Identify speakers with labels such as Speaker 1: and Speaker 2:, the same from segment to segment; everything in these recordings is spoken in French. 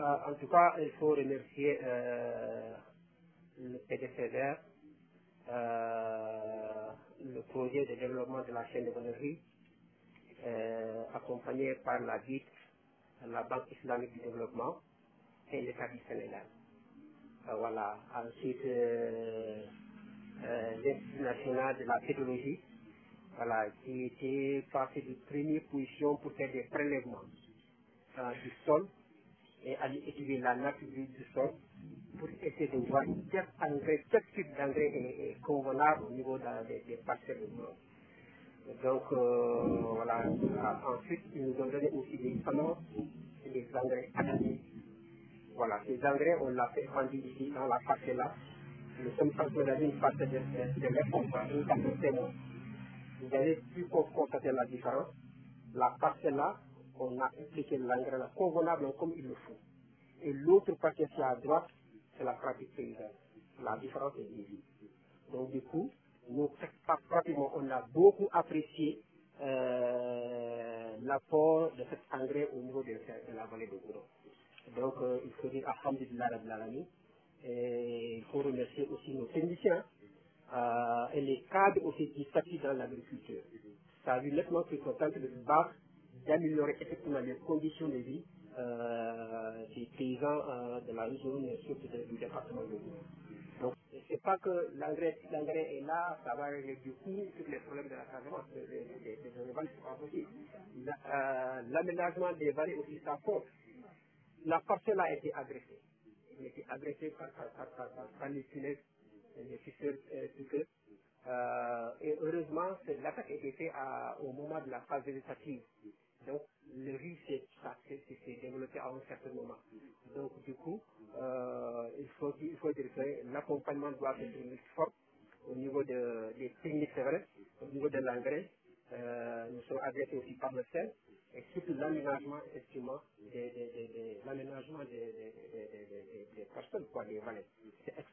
Speaker 1: Euh, en tout cas, il faut remercier euh, le PDCDR, euh, le projet de développement de la chaîne de bonnerie, accompagné par la BIT, la Banque islamique du développement et l'État du Sénégal. voilà. Ensuite, l'Institut national de la pédologie, voilà, qui était passé de première position pour faire des prélèvements du sol et aller étudier la nature du sol pour essayer de voir quel engrais, quel type d'engrais est, convenable au niveau des, parcelles de Donc euh, voilà, euh, ensuite ils nous ont donné aussi des semences et des engrais adaptés. Voilà, ces engrais on l'a fait rendu ici dans la parcelle là. Nous sommes dans une parcelle de, de, de une parcelle Vous avez pu constater la différence. La parcelle là, on a appliqué l'engrais convenable comme il le faut. Et l'autre partie à à droite, c'est la pratique paysanne. La différence est visible. Donc du coup, nous, on a beaucoup apprécié euh, l'apport de cet engrais au niveau de, la vallée de Gouron. Donc euh, il faut dire de Rabbil Et il faut remercier aussi nos techniciens euh, et les cadres aussi qui s'appuient dans l'agriculture. Ça a vu nettement que son de se d'améliorer effectivement les conditions de vie euh, des paysans euh, de la région, et surtout du département de l'eau. Donc, c'est pas que l'engrais est là, ça va régler du coup tous les problèmes de la transhumance des vallées, pas Aussi, euh, L'aménagement des vallées aussi, ça compte. La parcelle a été agressée. Elle a été agressée par, par, par, par, les tunnels, les fissures, euh, et heureusement, l'attaque a été faite au moment de la phase végétative. Donc, le riz s'est développé à un certain moment. Donc, du coup, euh, il, faut, il faut dire que l'accompagnement doit être plus fort au niveau de, des techniques, c'est au niveau de l'engrais. Euh, nous sommes adressés aussi par le sel et surtout l'aménagement, effectivement, l'aménagement des, personnes, quoi, des valets.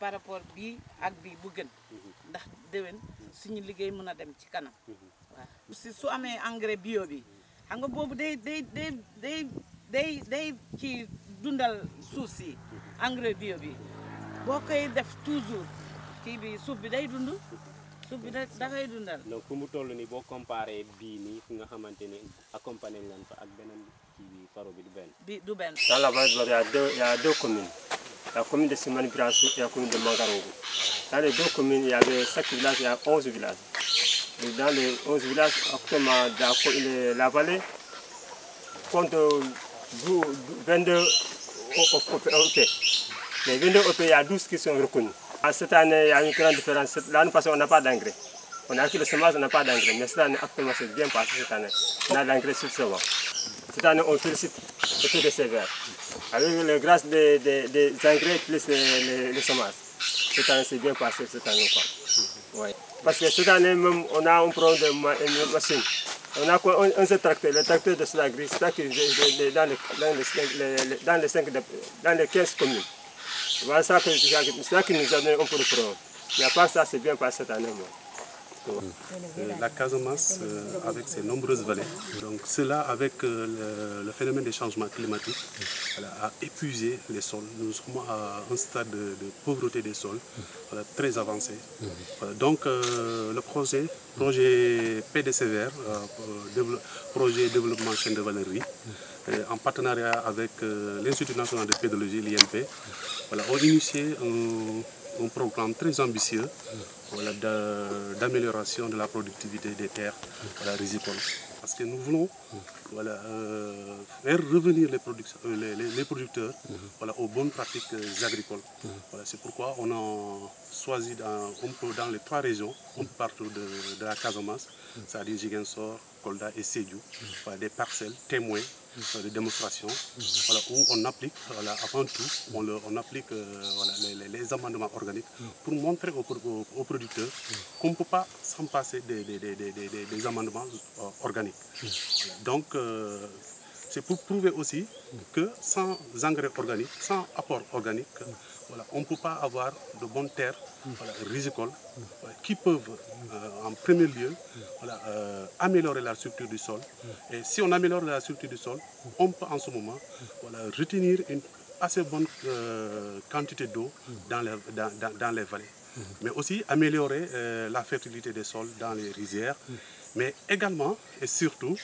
Speaker 1: par rapport bii ak bii bu gën mhm. ndax déwén suñu liggéey mën a dem ci kanam mhm. su amee engrais bio bi xam nga boobu day day day day day ci dundal suuf si mhm. engrais bio
Speaker 2: bi boo koy def toujours kii bi suuf bi day dund suuf bi da dafay dundal donc fu mu toll nii boo comparé bii nii fi nga xamante ni accompagné lan fa ak beneen kii bi faro bi du benn bi du benn dans la vallée du Baol y la commune de Simani et la commune de Mangarongo. Dans les deux communes, il y avait 5 villages, il y a 11 villages. dans les 11 villages, actuellement, dans la vallée compte 22 OP. Les 22 OP, il y a 12 qui sont reconnus. cette année, il y a une grande différence. nous passons, on n'a pas d'engrais. On a acquis le semence, on n'a pas d'engrais. Mais cette année, actuellement, c'est bien passé cette année. On a l'engrais sur ce Cette année, on félicite côté de sévère. Avec le grâce des, des, engrais plus les, les, semences. année, c'est bien passé, cette année. Quoi. Parce que cette année, même, on a un problème de machine. On a quoi, un, seul tracteur, le tracteur de cela gris, c'est dans, les, dans, les dans les 15 communes. Voilà ça que, c'est ça qui nous a donné un peu de problème. Mais à part ça, c'est bien passé cette année. Moi.
Speaker 3: Euh, euh, la Casamas euh, avec ses nombreuses vallées. Donc cela, avec le, phénomène des changements climatiques, a épuisé les sols. Nous sommes à un stade de, pauvreté des sols très avancé. donc le projet, projet PDCVR, projet développement chaîne de Valérie, en partenariat avec l'Institut national de pédologie, l'INP, voilà, ont initié un programme très ambitieux d'amélioration de la productivité des terres voilà, Parce que nous voulons voilà, euh, faire revenir euh, les, producteurs voilà, aux bonnes pratiques euh, agricoles. C'est pourquoi on a choisi dans, dans les trois régions, on partout de, la Casamance, ça dit cest et Sédiou, des parcelles témoins de démonstration, où on applique, avant tout, on, applique euh, les, amendements organiques pour montrer aux, producteurs qu'on ne peut pas s'en passer des, amendements euh, organiques. Donc, euh, c'est pour prouver aussi que sans engrais organiques, sans apport organique, on ne peut pas avoir de bonnes terres risicoles qui peuvent euh, en premier lieu euh, améliorer la structure du sol. Et si on améliore la structure du sol, on peut en ce moment retenir une assez bonne euh, quantité d'eau dans, dans, les vallées. Mais aussi améliorer la fertilité des sols dans les rizières mais également et surtout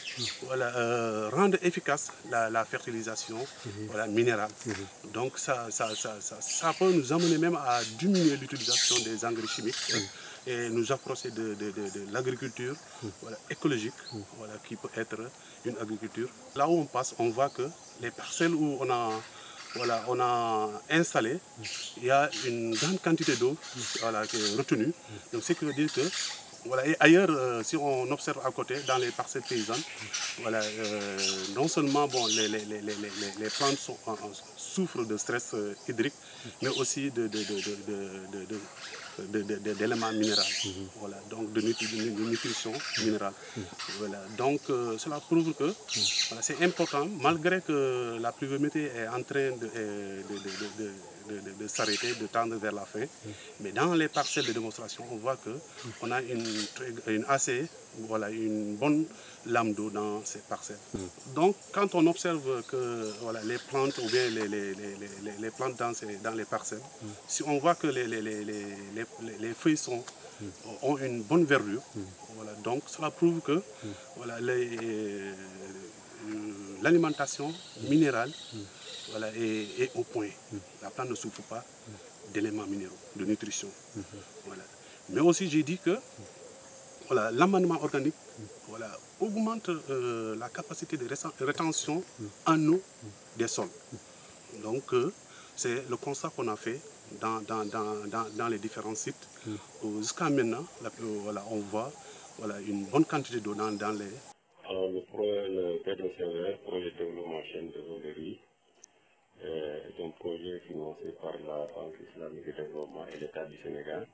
Speaker 3: euh, rendre efficace la, fertilisation mhm. minérale. Mhm. Donc ça ça, ça, ça, peut nous amener même à diminuer l'utilisation des engrais chimiques mhm. et nous approcher de, de, de, l'agriculture écologique voilà, qui peut être une agriculture. Là où on passe, on voit que les parcelles où on a voilà, on a installé, il y a une grande quantité d'eau voilà, retenue. Donc, ce qui veut dire que ailleurs, si on observe à côté, dans les parcelles paysannes, voilà, non seulement bon, les, les, plantes souffrent de stress hydrique, mais aussi d'éléments de, de, minéraux, donc de, nutrition minérale. donc cela prouve que c'est important, malgré que la pluviométrie est en train de de, s'arrêter, de tendre vers la fin. Mais dans les parcelles de démonstration, on voit qu'on a une, assez, voilà, une bonne lame d'eau dans ces parcelles. Donc, quand on observe que voilà, les plantes ou bien les, plantes dans, les parcelles, si on voit que les, feuilles sont, ont une bonne verrure, donc cela prouve que voilà, les l'alimentation minérale voilà, est, au point. La plante ne souffre pas d'éléments minéraux, de nutrition. Mais aussi, j'ai dit que voilà, l'amendement organique voilà, augmente euh, la capacité de rétention en eau des sols. Donc, euh, c'est le constat qu'on a fait dans, dans, les différents sites. Jusqu'à maintenant, euh, voilà, on voit voilà, une bonne quantité d'eau dans, les...
Speaker 4: Le projet de développement chaîne de Zogeri, est un projet financé par la Banque islamique de développement et l'État du Sénégal.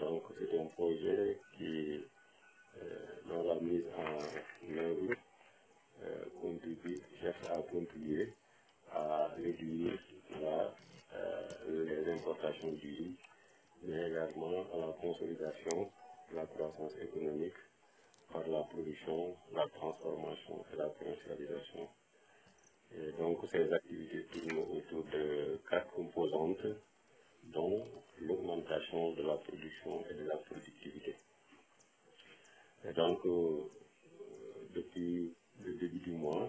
Speaker 4: Donc c'est un projet qui, euh, dans la mise en œuvre, euh, cherche à contribuer à réduire euh, les importations d'huile, mais également à la consolidation de la croissance économique par la production, la transformation et la commercialisation. Et donc ces activités tournent autour de quatre composantes, dont l'augmentation de la production et de la productivité. Et donc, euh, depuis le début du mois,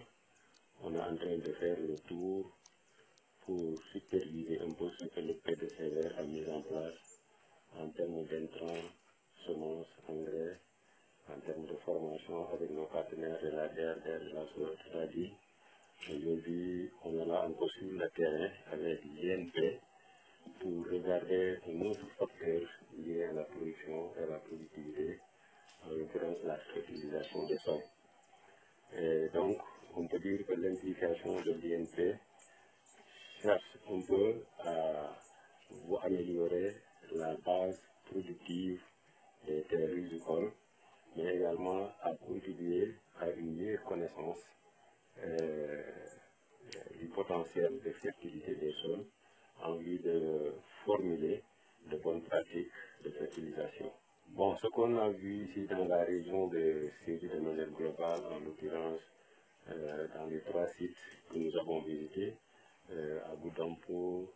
Speaker 4: on est en train de faire le tour pour superviser un peu ce que le PDCR a mis en place en termes d'intrants, semences, engrais en termes de formation avec nos partenaires de la DRDR de la Sourate Aujourd'hui, on est là encore sur le terrain avec l'INP pour regarder un autre facteur lié à la production et à la productivité, en l'occurrence la fertilisation des sols. Et donc, on peut dire que l'implication de l'INP cherche un peu à améliorer la base productive des terres agricoles Euh, du potentiel de fertilité des sols en vue de formuler de bonnes pratiques de fertilisation. Bon, ce qu'on a vu ici dans la région de Syrie de manière globale, en l'occurrence euh, dans les trois sites que nous avons visités, euh, à Boudampo,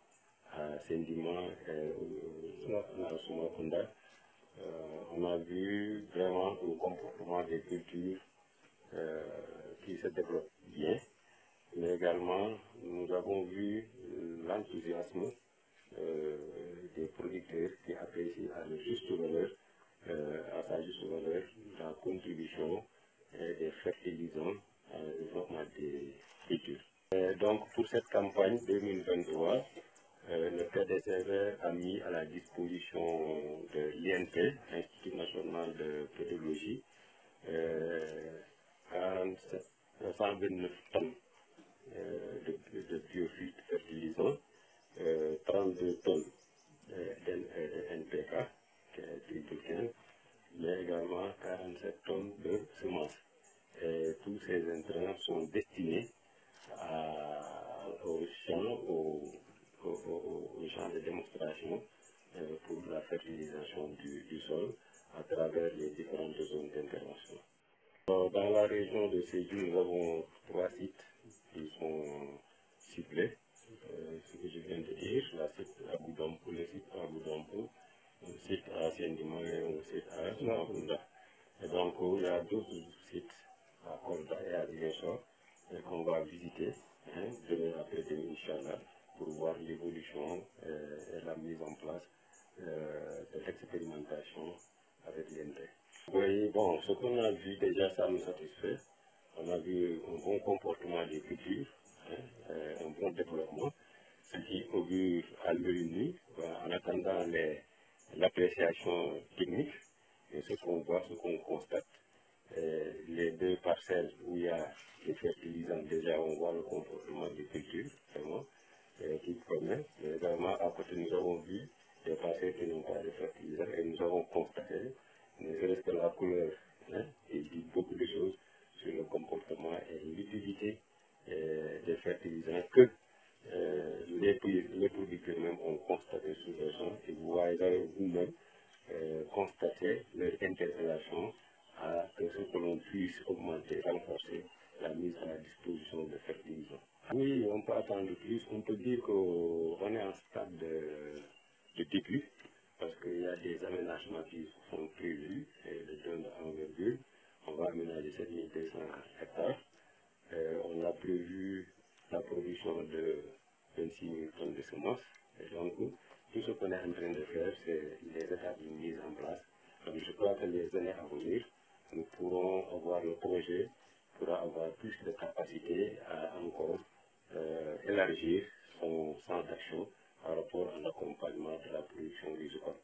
Speaker 4: à Sendima et à Soumakunda, on a vu vraiment le comportement des cultures qui se développe bien, mais également nous avons vu euh, l'enthousiasme euh, des producteurs qui apprécient à leur juste valeur, euh, à sa juste valeur, la contribution euh, des fertilisants à développement des cultures. donc pour cette campagne 2023, le PDCV a mis à la disposition de l'INP, l'Institut national de pédologie, 47 129 tonnes euh, de, de fertilisant, fertilisants, 32 tonnes euh, NPK, euh, mais également 47 tonnes de semences. tous ces intrants sont destinés à, aux champs, de démonstration pour la fertilisation du, sol à travers les différentes zones d'intervention. Euh, dans la région de Sédou, nous avons trois sites qui sont ciblés. Euh, ce que je viens de dire, la site à Boudampo, le site à Boudampo, le site à et le site à Nabunda. Et donc, euh, il y a d'autres sites à Corda et à Dinesha qu'on va visiter demain après-demain, pour voir l'évolution et, la mise en place de l'expérimentation avec Oui, bon, ce qu'on a vu déjà, ça nous satisfait. On a vu un bon comportement des cultures, hein, euh, un bon développement, ce qui augure à l'œil nu, en attendant l'appréciation technique, et ce qu'on voit, ce qu'on constate. Euh, les deux parcelles où il y a des fertilisants, déjà on voit le comportement des cultures. vous-même euh, constater leur interpellation à que ce que l'on puisse augmenter, renforcer la mise à la disposition de cette Oui, on peut attendre plus. On peut dire qu'on est en stade de, de début parce qu'il y a des aménagements qui sont prévus et On va aménager cette 7200 hectares. hectare. Euh, on a prévu la production de 26 000 tonnes de semences. Et donc, tout ce qu'on est en train de faire, c'est les étapes de en place. je crois que les années à venir, nous pourrons avoir le projet, pour avoir plus de capacité à encore euh, élargir son centre d'action par rapport à l'accompagnement de la production visuelle.